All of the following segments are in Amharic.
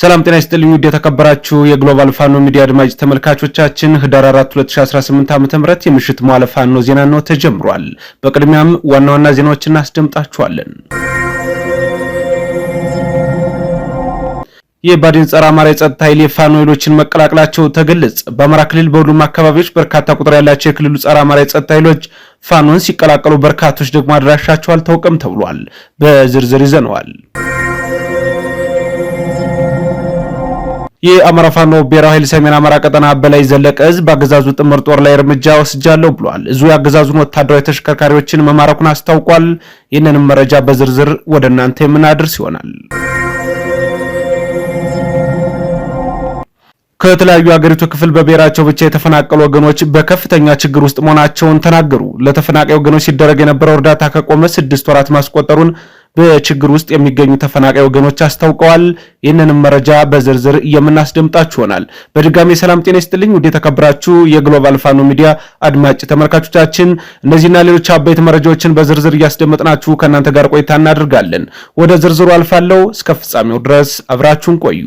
ሰላም ጤና ይስጥልኝ። ውድ የተከበራችሁ የግሎባል ፋኖ ሚዲያ አድማጭ ተመልካቾቻችን ህዳር 4 2018 ዓ.ም ተምረት የምሽት መዋለ ፋኖ ዜና ነው ተጀምሯል። በቅድሚያም ዋና ዋና ዜናዎችን እናስደምጣችኋለን። የባዲን ጸረ አማራ የጸጥታ ኃይል የፋኖ ኃይሎችን መቀላቀላቸው ተገለጸ። በአማራ ክልል በሁሉም አካባቢዎች በርካታ ቁጥር ያላቸው የክልሉ ጸረ አማራ የጸጥታ ኃይሎች ፋኖን ሲቀላቀሉ፣ በርካቶች ደግሞ አድራሻቸው አልታወቀም ተብሏል። በዝርዝር ይዘነዋል። የአማራ ፋኖ ብሔራዊ ኃይል ሰሜን አማራ ቀጠና በላይ ዘለቀ እዝ በአገዛዙ ጥምር ጦር ላይ እርምጃ ወስጃለሁ ብሏል። እዙ የአገዛዙን ወታደራዊ ተሽከርካሪዎችን መማረኩን አስታውቋል። ይህንንም መረጃ በዝርዝር ወደ እናንተ የምናደርስ ይሆናል። ከተለያዩ ሀገሪቱ ክፍል በብሔራቸው ብቻ የተፈናቀሉ ወገኖች በከፍተኛ ችግር ውስጥ መሆናቸውን ተናገሩ። ለተፈናቃይ ወገኖች ሲደረግ የነበረው እርዳታ ከቆመ ስድስት ወራት ማስቆጠሩን በችግር ውስጥ የሚገኙ ተፈናቃይ ወገኖች አስታውቀዋል። ይህንንም መረጃ በዝርዝር የምናስደምጣችሁ ይሆናል። በድጋሚ ሰላም ጤና ይስጥልኝ ውድ የተከበራችሁ የግሎባል ፋኖ ሚዲያ አድማጭ ተመልካቾቻችን፣ እነዚህና ሌሎች አበይት መረጃዎችን በዝርዝር እያስደመጥናችሁ ከእናንተ ጋር ቆይታ እናደርጋለን። ወደ ዝርዝሩ አልፋለሁ። እስከ ፍጻሜው ድረስ አብራችሁን ቆዩ።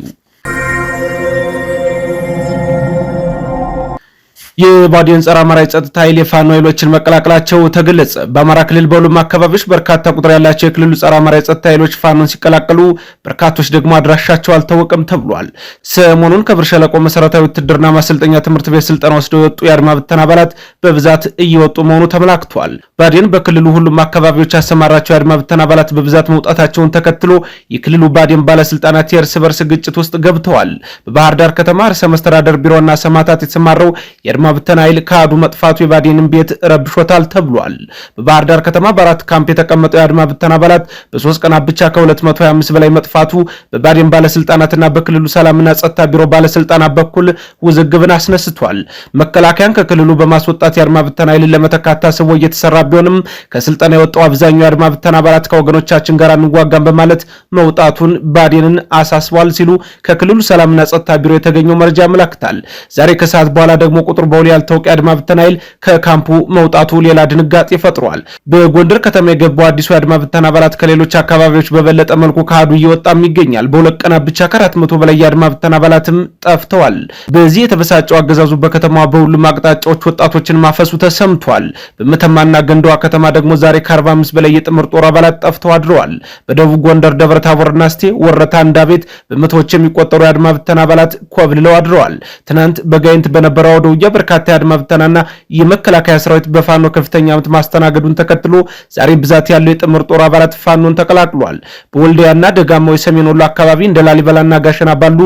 የባዲን ጸረ አማራ የጸጥታ ኃይል የፋኖ ኃይሎችን መቀላቀላቸው ተገለጸ። በአማራ ክልል በሁሉም አካባቢዎች በርካታ ቁጥር ያላቸው የክልሉ ጸረ አማራ የጸጥታ ኃይሎች ፋኖን ሲቀላቀሉ፣ በርካቶች ደግሞ አድራሻቸው አልታወቀም ተብሏል። ሰሞኑን ከብር ሸለቆ መሰረታዊ ውትድርና ማሰልጠኛ ትምህርት ቤት ስልጠና ወስደው የወጡ የአድማ ብተና አባላት በብዛት እየወጡ መሆኑ ተመላክቷል። ባዲን በክልሉ ሁሉም አካባቢዎች ያሰማራቸው የአድማ ብተና አባላት በብዛት መውጣታቸውን ተከትሎ የክልሉ ባዲን ባለስልጣናት የእርስ በርስ ግጭት ውስጥ ገብተዋል። በባህር ዳር ከተማ ርዕሰ መስተዳደር ቢሮና ሰማዕታት የተሰማራው የአድማ ብተና ኃይል ከአዱ መጥፋቱ የባዴንን ቤት ረብሾታል ተብሏል። በባህር ዳር ከተማ በአራት ካምፕ የተቀመጠው የአድማ ብተና አባላት በሶስት ቀናት ብቻ ከ225 በላይ መጥፋቱ በባዴን ባለስልጣናትና በክልሉ ሰላምና ጸጥታ ቢሮ ባለስልጣናት በኩል ውዝግብን አስነስቷል። መከላከያን ከክልሉ በማስወጣት የአድማ ብተና ኃይልን ለመተካት ታስቦ እየተሰራ ቢሆንም ከስልጠና የወጣው አብዛኛው የአድማ ብተና አባላት ከወገኖቻችን ጋር አንዋጋም በማለት መውጣቱን ባዴንን አሳስቧል ሲሉ ከክልሉ ሰላምና ጸጥታ ቢሮ የተገኘው መረጃ ያመላክታል። ዛሬ ከሰዓት በኋላ ደግሞ ቁጥር በውል ያልታወቀ የአድማ ብተና ኃይል ከካምፑ መውጣቱ ሌላ ድንጋጤ ፈጥሯል። በጎንደር ከተማ የገባው አዲሱ የአድማ ብተና አባላት ከሌሎች አካባቢዎች በበለጠ መልኩ ከአዱ እየወጣም ይገኛል። በሁለት ቀናት ብቻ ከአራት መቶ በላይ የአድማ ብተና አባላትም ጠፍተዋል። በዚህ የተበሳጨው አገዛዙ በከተማ በሁሉም አቅጣጫዎች ወጣቶችን ማፈሱ ተሰምቷል። በመተማና ገንዳዋ ከተማ ደግሞ ዛሬ ከ45 በላይ የጥምር ጦር አባላት ጠፍተው አድረዋል። በደቡብ ጎንደር ደብረ ታቦርና እስቴ ወረታ እንዳቤት በመቶዎች የሚቆጠሩ የአድማ ብተና አባላት ኮብልለው አድረዋል። ትናንት በጋይንት በነበረው አውደ ውጊያ በርካታ የአድማ ብተናና የመከላከያ ሰራዊት በፋኖ ከፍተኛ ምት ማስተናገዱን ተከትሎ ዛሬ ብዛት ያለው የጥምር ጦር አባላት ፋኖን ተቀላቅሏል። በወልዲያና ደጋማው የሰሜን ወሎ አካባቢ እንደ ላሊበላና ጋሸና ባሉ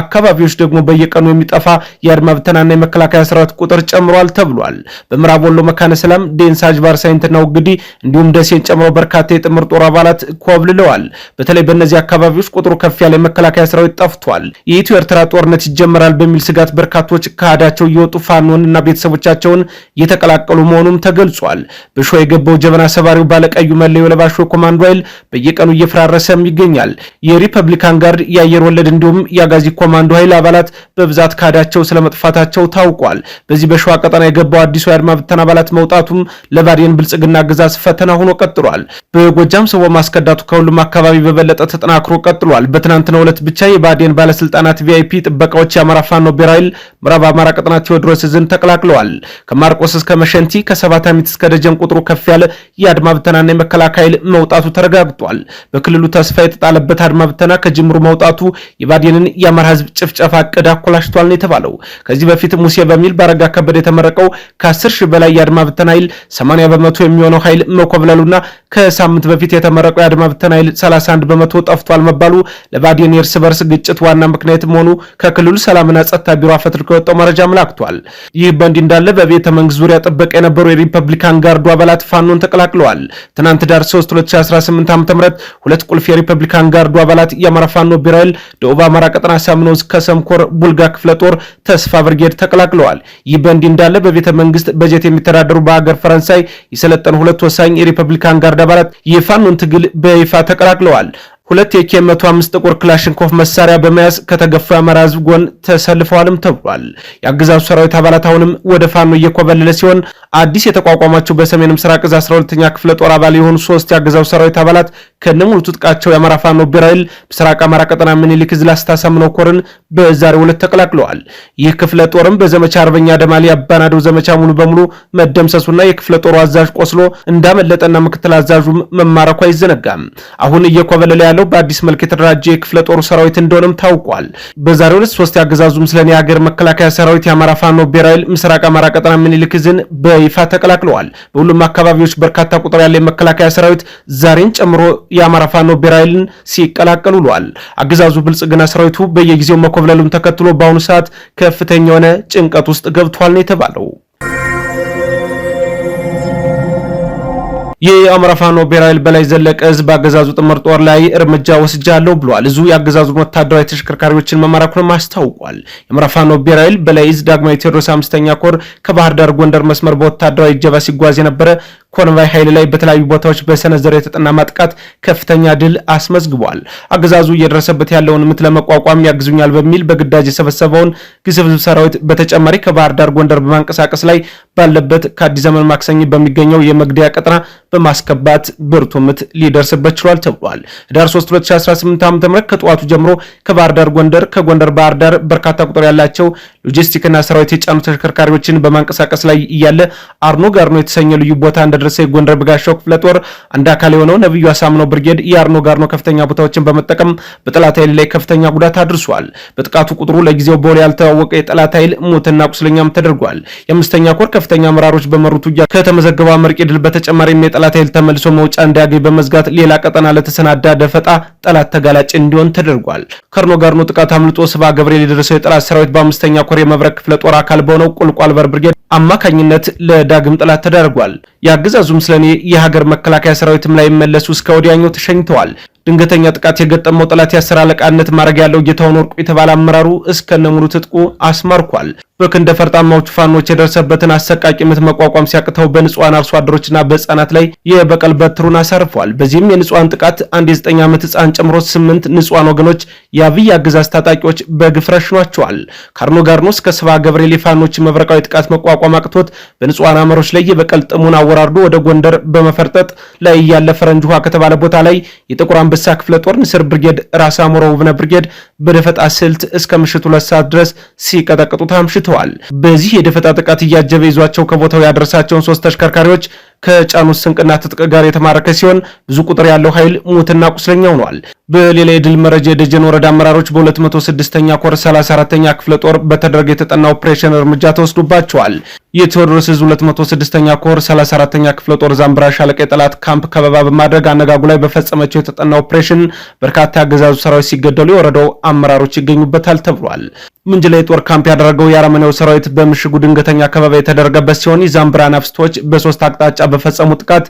አካባቢዎች ደግሞ በየቀኑ የሚጠፋ የአድማ ብተናና የመከላከያ ሰራዊት ቁጥር ጨምሯል ተብሏል። በምዕራብ ወሎ መካነ ሰላም፣ ዴንሳ፣ ጅባር ሳይንትና ውግዲ እንዲሁም ደሴን ጨምሮ በርካታ የጥምር ጦር አባላት ኮብልለዋል። በተለይ በእነዚህ አካባቢዎች ቁጥሩ ከፍ ያለ የመከላከያ ሰራዊት ጠፍቷል። የኢትዮ ኤርትራ ጦርነት ይጀመራል በሚል ስጋት በርካቶች ከአዳቸው እየወጡ ፋኖ ታማሚውንና ቤተሰቦቻቸውን እየተቀላቀሉ መሆኑም ተገልጿል። ብሾ የገባው ጀበና ሰባሪው ባለቀዩ መለዮ ለባሾ ኮማንዶ ኃይል በየቀኑ እየፈራረሰም ይገኛል። የሪፐብሊካን ጋርድ፣ የአየር ወለድ እንዲሁም የአጋዚ ኮማንዶ ኃይል አባላት በብዛት ካዳቸው ስለመጥፋታቸው ታውቋል። በዚህ በሸዋ ቀጠና የገባው አዲሱ የአድማ ብተና አባላት መውጣቱም ለባዴን ብልጽግና ግዛት ፈተና ሆኖ ቀጥሏል። በጎጃም ሰው ማስከዳቱ ከሁሉም አካባቢ በበለጠ ተጠናክሮ ቀጥሏል። በትናንትናው ዕለት ብቻ የባዴን ባለስልጣናት ቪአይፒ ጥበቃዎች የአማራ ፋኖ ብሔራዊ ኃይል ምዕራብ አማራ ቀጠና ቴዎድሮስ እዝን ተቀላቅለዋል። ከማርቆስ እስከ መሸንቲ ከሰባታሚት እስከ ደጀን ቁጥሩ ከፍ ያለ የአድማ ብተናና የመከላከያ ኃይል መውጣቱ ተረጋግጧል። በክልሉ ተስፋ የተጣለበት አድማ ብተና ከጅምሩ መውጣቱ የባዴንን የአማራ ህዝብ ጭፍጨፋ እቅድ አኮላሽቷል ነው የተባለው። ከዚህ በፊት ሙሴ በሚል በአረጋ ከበደ የተመረቀው ከ10 ሺህ በላይ የአድማ ብተና ኃይል 80 በመቶ የሚሆነው ኃይል መኮብለሉና ከሳምንት በፊት የተመረቀው የአድማ ብተና ኃይል 31 በመቶ ጠፍቷል መባሉ ለባዴን የእርስ በርስ ግጭት ዋና ምክንያት መሆኑ ከክልሉ ሰላምና ጸጥታ ቢሮ አፈትልኮ የወጣው መረጃ አመላክቷል። ይህ በእንዲህ እንዳለ በቤተ መንግስት ዙሪያ ጥበቃ የነበሩ የሪፐብሊካን ጋርዱ አባላት ፋኖን ተቀላቅለዋል። ትናንት ዳር 3 2018 ዓ ም ሁለት ቁልፍ የሪፐብሊካን ጋርዱ አባላት የአማራ ፋኖ ቢራይል ደቡብ አማራ ቀጠና ሳምኖዝ ከሰምኮር ቡልጋ ክፍለ ጦር ተስፋ ብርጌድ ተቀላቅለዋል። ይህ በእንዲህ እንዳለ በቤተ መንግስት በጀት የሚተዳደሩ በሀገር ፈረንሳይ የሰለጠኑ ሁለት ወሳኝ የሪፐብሊካን ጋርድ አባላት የፋኖን ትግል በይፋ ተቀላቅለዋል። ሁለት የኬ 105 ጥቁር ክላሽንኮቭ መሳሪያ በመያዝ ከተገፋው የአማራ ህዝብ ጎን ተሰልፈዋልም ተብሏል። የአገዛዙ ሰራዊት አባላት አሁንም ወደ ፋኖ እየኮበለለ ሲሆን አዲስ የተቋቋማቸው በሰሜን ምስራቅ እዝ 12ኛ ክፍለ ጦር አባል የሆኑ ሶስት የአገዛዙ ሰራዊት አባላት ከነሙሉ ትጥቃቸው የአማራ ፋኖ ብራይል ምስራቅ አማራ ቀጠና ምኒልክ እዝ ላስታ ሳምነው ኮርን በዛሬው ዕለት ተቀላቅለዋል። ይህ ክፍለ ጦርም በዘመቻ አርበኛ ደማሊ አባናደው ዘመቻ ሙሉ በሙሉ መደምሰሱና የክፍለ ጦሩ አዛዥ ቆስሎ እንዳመለጠና ምክትል አዛዡ መማረኩ አይዘነጋም። አሁን እየኮበለለ ያለው በአዲስ መልክ የተደራጀ የክፍለ ጦር ሰራዊት እንደሆነም ታውቋል። በዛሬው ዕለት ሶስት የአገዛዙ ምስለኔ የሀገር መከላከያ ሰራዊት የአማራ ፋኖ ብሔራዊ ምስራቅ አማራ ቀጠና ምኒልክ ዕዝን በይፋ ተቀላቅለዋል። በሁሉም አካባቢዎች በርካታ ቁጥር ያለ የመከላከያ ሰራዊት ዛሬን ጨምሮ የአማራ ፋኖ ብሔራዊ ሲቀላቀል ውሏል። አገዛዙ ብልጽግና ሰራዊቱ በየጊዜው መኮብለሉን ተከትሎ በአሁኑ ሰዓት ከፍተኛ የሆነ ጭንቀት ውስጥ ገብቷል ነው የተባለው። የአማራ ፋኖ ብሔራዊ በላይ ዘለቀ ህዝብ አገዛዙ ጥምር ጦር ላይ እርምጃ ወስጃለሁ ብሏል። እዙ የአገዛዙ ወታደራዊ ተሽከርካሪዎችን መማረኩንም አስታውቋል። የአማራ ፋኖ ብሔራዊ በላይ ዕዝ ዳግማዊ ቴዎድሮስ አምስተኛ ኮር ከባህር ዳር ጎንደር መስመር በወታደራዊ እጀባ ሲጓዝ የነበረ ኮንቫይ ኃይል ላይ በተለያዩ ቦታዎች በሰነዘረ የተጠና ማጥቃት ከፍተኛ ድል አስመዝግቧል። አገዛዙ እየደረሰበት ያለውን ምት ለመቋቋም ያግዙኛል በሚል በግዳጅ የሰበሰበውን ግስብስብ ሰራዊት በተጨማሪ ከባህር ዳር ጎንደር በማንቀሳቀስ ላይ ባለበት ከአዲስ ዘመን ማክሰኝ በሚገኘው የመግደያ ቀጠና በማስከባት ብርቱ ምት ሊደርስበት ችሏል ተብሏል። ህዳር 3 2018 ዓ.ም ከጠዋቱ ጀምሮ ከባህር ዳር ጎንደር፣ ከጎንደር ባህር ዳር በርካታ ቁጥር ያላቸው ሎጂስቲክና ሰራዊት የጫኑ ተሽከርካሪዎችን በማንቀሳቀስ ላይ እያለ አርኖ ጋርኖ የተሰኘ ልዩ ቦታ እንደ የደረሰ የጎንደር ብጋሻው ክፍለ ጦር አንድ አካል የሆነው ነብዩ አሳምነው ብርጌድ የአርኖ ጋርኖ ከፍተኛ ቦታዎችን በመጠቀም በጠላት ኃይል ላይ ከፍተኛ ጉዳት አድርሷል። በጥቃቱ ቁጥሩ ለጊዜው በውል ያልተዋወቀ የጠላት ኃይል ሞትና ቁስለኛም ተደርጓል። የአምስተኛ ኮር ከፍተኛ አመራሮች በመሩት ውጊያ ከተመዘገበ አመርቂ ድል በተጨማሪም የጠላት ኃይል ተመልሶ መውጫ እንዲያገኝ በመዝጋት ሌላ ቀጠና ለተሰናዳ ደፈጣ ጠላት ተጋላጭ እንዲሆን ተደርጓል። ከአርኖ ጋርኖ ጥቃት አምልጦ ስባ ገብርኤል የደረሰው የጠላት ሰራዊት በአምስተኛ ኮር የመብረቅ ክፍለ ጦር አካል በሆነው ቁልቋል በር ብርጌድ አማካኝነት ለዳግም ጠላት ተዳርጓል። የአገዛዙ አገዛዙም ስለኔ የሀገር መከላከያ ሰራዊትም ላይ መለሱ እስከ ወዲያኛው ተሸኝተዋል። ድንገተኛ ጥቃት የገጠመው ጠላት የአስር አለቃነት ማድረግ ያለው ጌታውን ወርቁ የተባለ አመራሩ እስከነሙሉ ትጥቁ አስመርኳል። በክንደ ፈርጣማዎቹ ፋኖች የደረሰበትን አሰቃቂ ምት መቋቋም ሲያቅተው በንጹሐን አርሶ አደሮችና በህፃናት ላይ የበቀል በትሩን አሳርፏል። በዚህም የንጹሐን ጥቃት አንድ የዘጠኝ ዓመት ህፃን ጨምሮ ስምንት ንጹሐን ወገኖች የአብይ አገዛዝ ታጣቂዎች በግፍ ረሽኗቸዋል። ካርኖ ጋርኖ እስከ ሰባ ገብርኤል ፋኖች መብረቃዊ ጥቃት መቋቋም አቅቶት በንጹሐን አመሮች ላይ የበቀል ጥሙን አወራርዶ ወደ ጎንደር በመፈርጠጥ ላይ እያለ ፈረንጅ ውሃ ከተባለ ቦታ ላይ የጥቁር አንበሳ ክፍለ ጦር ንስር ብርጌድ፣ ራስ አሞራ ውብነ ብርጌድ በደፈጣ ስልት እስከ ምሽቱ ሁለት ሰዓት ድረስ ሲቀጠቅጡት አምሽተዋል። በዚህ የደፈጣ ጥቃት እያጀበ ይዟቸው ከቦታው ያደረሳቸውን ሶስት ተሽከርካሪዎች ከጫኑት ስንቅና ትጥቅ ጋር የተማረከ ሲሆን ብዙ ቁጥር ያለው ኃይል ሙትና ቁስለኛ ሆኗል። በሌላ የድል መረጃ የደጀን ወረዳ አመራሮች በ206ኛ ኮር 34ኛ ክፍለ ጦር በተደረገ የተጠና ኦፕሬሽን እርምጃ ተወስዶባቸዋል። የቴዎድሮስ ዕዝ 206ኛ ኮር 34ኛ ክፍለ ጦር ዛምብራ ሻለቃ የጠላት ካምፕ ከበባ በማድረግ አነጋጉ ላይ በፈጸመቸው የተጠና ኦፕሬሽን በርካታ ያገዛዙ ሰራዊት ሲገደሉ የወረዳው አመራሮች ይገኙበታል ተብሏል። ምንጅላይ ጦር ካምፕ ያደረገው የአረመኔው ሰራዊት በምሽጉ ድንገተኛ አካባቢ የተደረገበት ሲሆን የዛምብራ ነፍስቶች በሶስት አቅጣጫ በፈጸሙ ጥቃት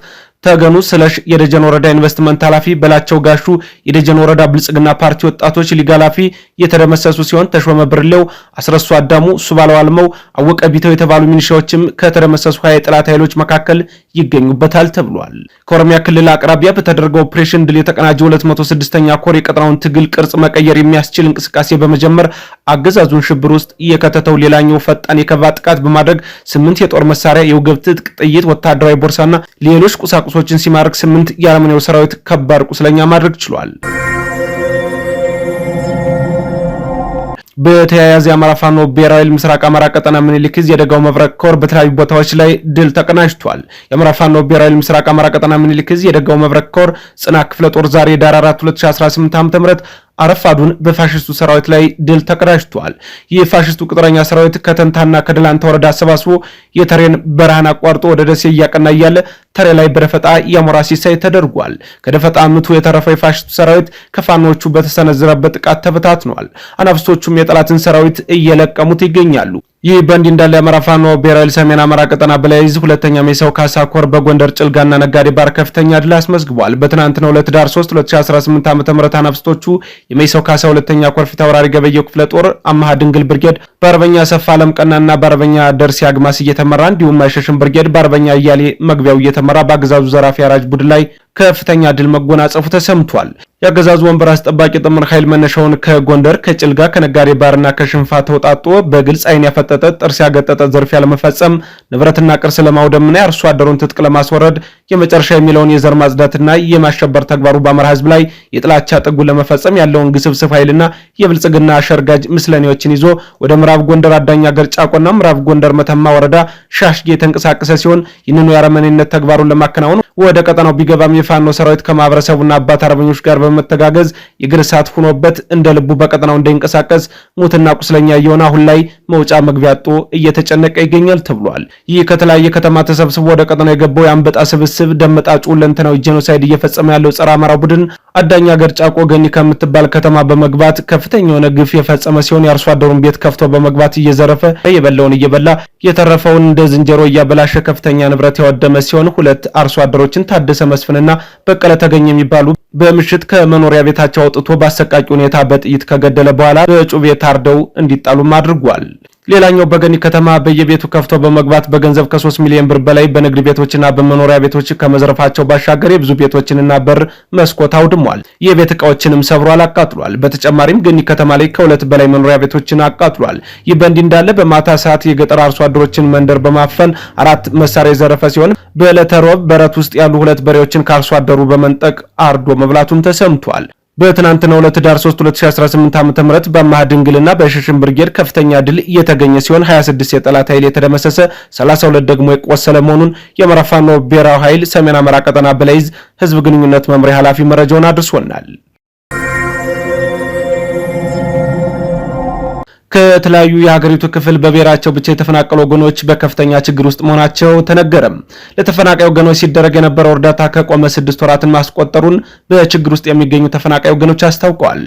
ተገኑ ስለሽ የደጀን ወረዳ ኢንቨስትመንት ኃላፊ፣ በላቸው ጋሹ የደጀን ወረዳ ብልጽግና ፓርቲ ወጣቶች ሊግ ኃላፊ የተደመሰሱ ሲሆን ተሾመ ብርሌው፣ አስረሱ አዳሙ፣ ሱባለው አልመው፣ አወቀ ቢተው የተባሉ ሚኒሻዎችም ከተደመሰሱ ሀያ የጠላት ኃይሎች መካከል ይገኙበታል ተብሏል። ከኦሮሚያ ክልል አቅራቢያ በተደረገው ኦፕሬሽን ድል የተቀናጀ 206ኛ ኮር የቀጠናውን ትግል ቅርጽ መቀየር የሚያስችል እንቅስቃሴ በመጀመር አገዛዙን ሽብር ውስጥ እየከተተው ሌላኛው ፈጣን የከባ ጥቃት በማድረግ ስምንት የጦር መሳሪያ፣ የውግብ ትጥቅ፣ ጥይት፣ ወታደራዊ ቦርሳና ሌሎች ቁሳቁሶችን ሲማርክ ስምንት የአረመኔው ሰራዊት ከባድ ቁስለኛ ማድረግ ችሏል። በተያያዘ የአማራ ፋኖ ብሔራዊ ምስራቅ አማራ ቀጠና ምኒልክ ዕዝ የደጋው መብረቅ ኮር በተለያዩ ቦታዎች ላይ ድል ተቀናጅቷል። የአማራ ፋኖ ብሔራዊ ምስራቅ አማራ ቀጠና ምኒልክ ዕዝ የደጋው መብረቅ ኮር ጽና ክፍለ ጦር ዛሬ ዳር 4 2018 ዓ.ም አረፋዱን በፋሽስቱ ሰራዊት ላይ ድል ተቀዳጅቷል። የፋሽስቱ ቅጥረኛ ሰራዊት ከተንታና ከደላንታ ወረዳ አሰባስቦ የተሬን በረሃን አቋርጦ ወደ ደሴ እያቀና እያለ ተሬ ላይ በደፈጣ የአሞራ ሲሳይ ተደርጓል። ከደፈጣ ምቱ የተረፈው የፋሽስቱ ሰራዊት ከፋኖቹ በተሰነዘረበት ጥቃት ተበታትኗል። አናፍስቶቹም የጠላትን ሰራዊት እየለቀሙት ይገኛሉ። ይህ በእንዲህ እንዳለ የአማራ ፋኖ ብሔራዊ ሰሜን አማራ ቀጠና በላይ ሁለተኛ ሜሰው ካሳ ኮር በጎንደር ጭልጋና ነጋዴ ባር ከፍተኛ ድል አስመዝግቧል። በትናንትና ሁለት ዳር 3 2018 ዓ.ም አናብስቶቹ የሜሳው ካሳ ሁለተኛ ኮር ፊት አውራሪ ገበየው ክፍለ ጦር አመሃ ድንግል ብርጌድ በአርበኛ ሰፋ አለም ቀናና በአርበኛ ደርሲ አግማስ እየተመራ እንዲሁም አይሸሽም ብርጌድ በአርበኛ እያሌ መግቢያው እየተመራ በአገዛዙ ዘራፊ አራጅ ቡድን ላይ ከፍተኛ ድል መጎናጸፉ ተሰምቷል። የአገዛዙ ወንበር አስጠባቂ ጥምር ኃይል መነሻውን ከጎንደር ከጭልጋ ከነጋዴ ባርና ከሽንፋ ተውጣጦ በግልጽ ዓይን ያፈጠጠ ጥርስ ያገጠጠ ዝርፊያ ለመፈጸም ንብረትና ቅርስ ለማውደምና የአርሶ አደሩን ትጥቅ ለማስወረድ የመጨረሻ የሚለውን የዘር ማጽዳትና የማሸበር ተግባሩ በአማራ ህዝብ ላይ የጥላቻ ጥጉ ለመፈጸም ያለውን ግስብስብ ኃይልና የብልጽግና አሸርጋጅ ምስለኔዎችን ይዞ ወደ ምዕራብ ጎንደር አዳኛ ገር ጫቆና ምዕራብ ጎንደር መተማ ወረዳ ሻሽጌ የተንቀሳቀሰ ሲሆን ይህንኑ የአረመኔነት ተግባሩን ለማከናወን ወደ ቀጠናው ቢገባም የፋኖ ሰራዊት ከማህበረሰቡና አባት አርበኞች ጋር በመተጋገዝ የግር እሳት ሆኖበት እንደ ልቡ በቀጠናው እንዳይንቀሳቀስ ሙትና ቁስለኛ እየሆነ አሁን ላይ መውጫ መግቢያ እየተጨነቀ ይገኛል ተብሏል። ይህ ከተለያየ ከተማ ተሰብስቦ ወደ ቀጠናው የገባው የአንበጣ ስብስ ስብስብ ደም ጣጭ ሁለንተናዊ ጄኖሳይድ እየፈጸመ ያለው ጸረ አማራ ቡድን አዳኝ ሀገር ጫቆ ገኒ ከምትባል ከተማ በመግባት ከፍተኛ የሆነ ግፍ የፈጸመ ሲሆን የአርሶ አደሩን ቤት ከፍቶ በመግባት እየዘረፈ የበላውን እየበላ የተረፈውን እንደ ዝንጀሮ እያበላሸ ከፍተኛ ንብረት ያወደመ ሲሆን ሁለት አርሶ አደሮችን ታደሰ መስፍንና በቀለ ተገኘ የሚባሉ በምሽት ከመኖሪያ ቤታቸው አውጥቶ በአሰቃቂ ሁኔታ በጥይት ከገደለ በኋላ በጩቤ ታርደው እንዲጣሉም አድርጓል። ሌላኛው በገኒ ከተማ በየቤቱ ከፍተው በመግባት በገንዘብ ከሶስት ሚሊዮን ብር በላይ በንግድ ቤቶችና በመኖሪያ ቤቶች ከመዘረፋቸው ባሻገር የብዙ ቤቶችንና በር መስኮት አውድሟል። የቤት እቃዎችንም ሰብሯል፣ አቃጥሏል። በተጨማሪም ገኒ ከተማ ላይ ከሁለት በላይ መኖሪያ ቤቶችን አቃጥሏል። ይህ በእንዲህ እንዳለ በማታ ሰዓት የገጠር አርሶ አደሮችን መንደር በማፈን አራት መሳሪያ የዘረፈ ሲሆን በዕለተ ሮብ በረት ውስጥ ያሉ ሁለት በሬዎችን ከአርሶ አደሩ በመንጠቅ አርዶ መብላቱም ተሰምቷል። በትናንትና ዕለት ዳር 3 2018 ዓ.ም ተመረጥ በአማሃ ድንግልና በሽሽን ብርጌድ ከፍተኛ ድል እየተገኘ ሲሆን 26 የጠላት ኃይል የተደመሰሰ 32 ደግሞ የቆሰለ መሆኑን የመራፋኖ ፋኖ ብሔራዊ ኃይል ሰሜን አመራ ቀጠና በላይዝ ህዝብ ግንኙነት መምሪያ ኃላፊ መረጃውን አድርሶናል። ከተለያዩ የሀገሪቱ ክፍል በብሔራቸው ብቻ የተፈናቀሉ ወገኖች በከፍተኛ ችግር ውስጥ መሆናቸው ተነገረም። ለተፈናቃይ ወገኖች ሲደረግ የነበረው እርዳታ ከቆመ ስድስት ወራትን ማስቆጠሩን በችግር ውስጥ የሚገኙ ተፈናቃይ ወገኖች አስታውቀዋል።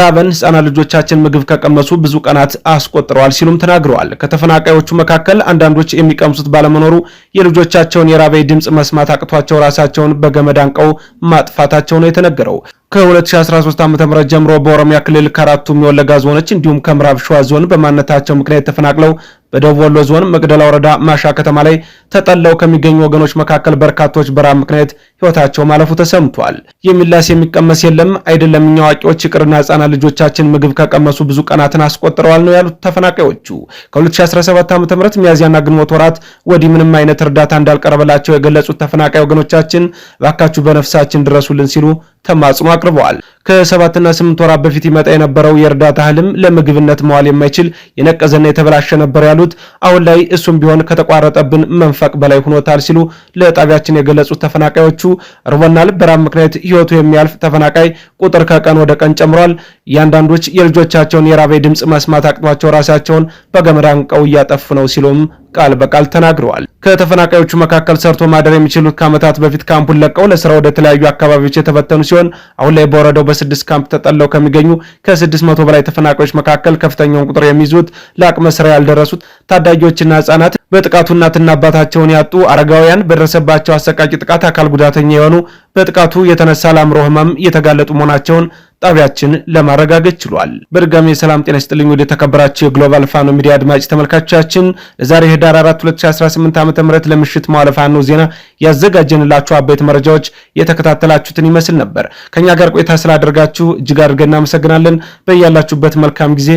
ራበን ህጻናት ልጆቻችን ምግብ ከቀመሱ ብዙ ቀናት አስቆጥረዋል ሲሉም ተናግረዋል። ከተፈናቃዮቹ መካከል አንዳንዶች የሚቀምሱት ባለመኖሩ የልጆቻቸውን የራበይ ድምፅ መስማት አቅቷቸው ራሳቸውን በገመድ አንቀው ማጥፋታቸው ነው የተነገረው። ከ2013 ዓ.ም ጀምሮ በኦሮሚያ ክልል ከአራቱም የወለጋ ዞኖች እንዲሁም ከምዕራብ ሸዋ ዞን በማንነታቸው ምክንያት ተፈናቅለው በደቡብ ወሎ ዞን መቅደላ ወረዳ ማሻ ከተማ ላይ ተጠለው ከሚገኙ ወገኖች መካከል በርካቶች በራብ ምክንያት ሕይወታቸው ማለፉ ተሰምቷል። የሚላስ የሚቀመስ የለም አይደለም። እኛ አዋቂዎች ይቅርና ሕፃናት ልጆቻችን ምግብ ከቀመሱ ብዙ ቀናትን አስቆጥረዋል ነው ያሉት ተፈናቃዮቹ። ከ2017 ዓ.ም ሚያዝያና ግንቦት ወራት ወዲህ ምንም አይነት እርዳታ እንዳልቀረበላቸው የገለጹት ተፈናቃይ ወገኖቻችን እባካችሁ በነፍሳችን ድረሱልን ሲሉ ተማጽኖ አቅርበዋል። ከሰባትና ስምንት ወራት በፊት ይመጣ የነበረው የእርዳታ እህልም ለምግብነት መዋል የማይችል የነቀዘና የተበላሸ ነበር ያሉት፣ አሁን ላይ እሱም ቢሆን ከተቋረጠብን መንፈቅ በላይ ሆኖታል ሲሉ ለጣቢያችን የገለጹት ተፈናቃዮቹ እርቦናል፣ በራብ ምክንያት ህይወቱ የሚያልፍ ተፈናቃይ ቁጥር ከቀን ወደ ቀን ጨምሯል። እያንዳንዶች የልጆቻቸውን የራቤ ድምፅ መስማት አቅቷቸው ራሳቸውን በገመድ አንቀው እያጠፉ ነው ሲሉም ቃል በቃል ተናግረዋል። ከተፈናቃዮቹ መካከል ሰርቶ ማደር የሚችሉት ከዓመታት በፊት ካምፑን ለቀው ለስራ ወደ ተለያዩ አካባቢዎች የተበተኑ ሲሆን አሁን ላይ በወረዳው በስድስት ካምፕ ተጠለው ከሚገኙ ከስድስት መቶ በላይ ተፈናቃዮች መካከል ከፍተኛውን ቁጥር የሚይዙት ለአቅመ ስራ ያልደረሱት ታዳጊዎችና ህጻናት፣ በጥቃቱ እናትና አባታቸውን ያጡ አረጋውያን፣ በደረሰባቸው አሰቃቂ ጥቃት አካል ጉዳተኛ የሆኑ በጥቃቱ የተነሳ ለአእምሮ ህመም እየተጋለጡ መሆናቸውን ጣቢያችን ለማረጋገጥ ችሏል። በድጋሚ የሰላም ጤና ይስጥልኝ። ወደ ተከበራቸው የግሎባል ፋኖ ሚዲያ አድማጭ ተመልካቾቻችን ለዛሬ ህዳር 4 2018 ዓ.ም ም ለምሽት መዋለ ፋኖ ዜና ያዘጋጀንላችሁ አበይት መረጃዎች የተከታተላችሁትን ይመስል ነበር። ከኛ ጋር ቆይታ ስላደርጋችሁ እጅግ አድርገን እናመሰግናለን። በያላችሁበት መልካም ጊዜ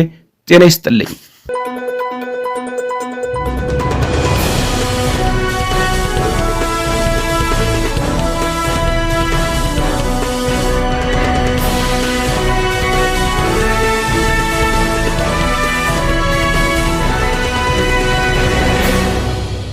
ጤና ይስጥልኝ።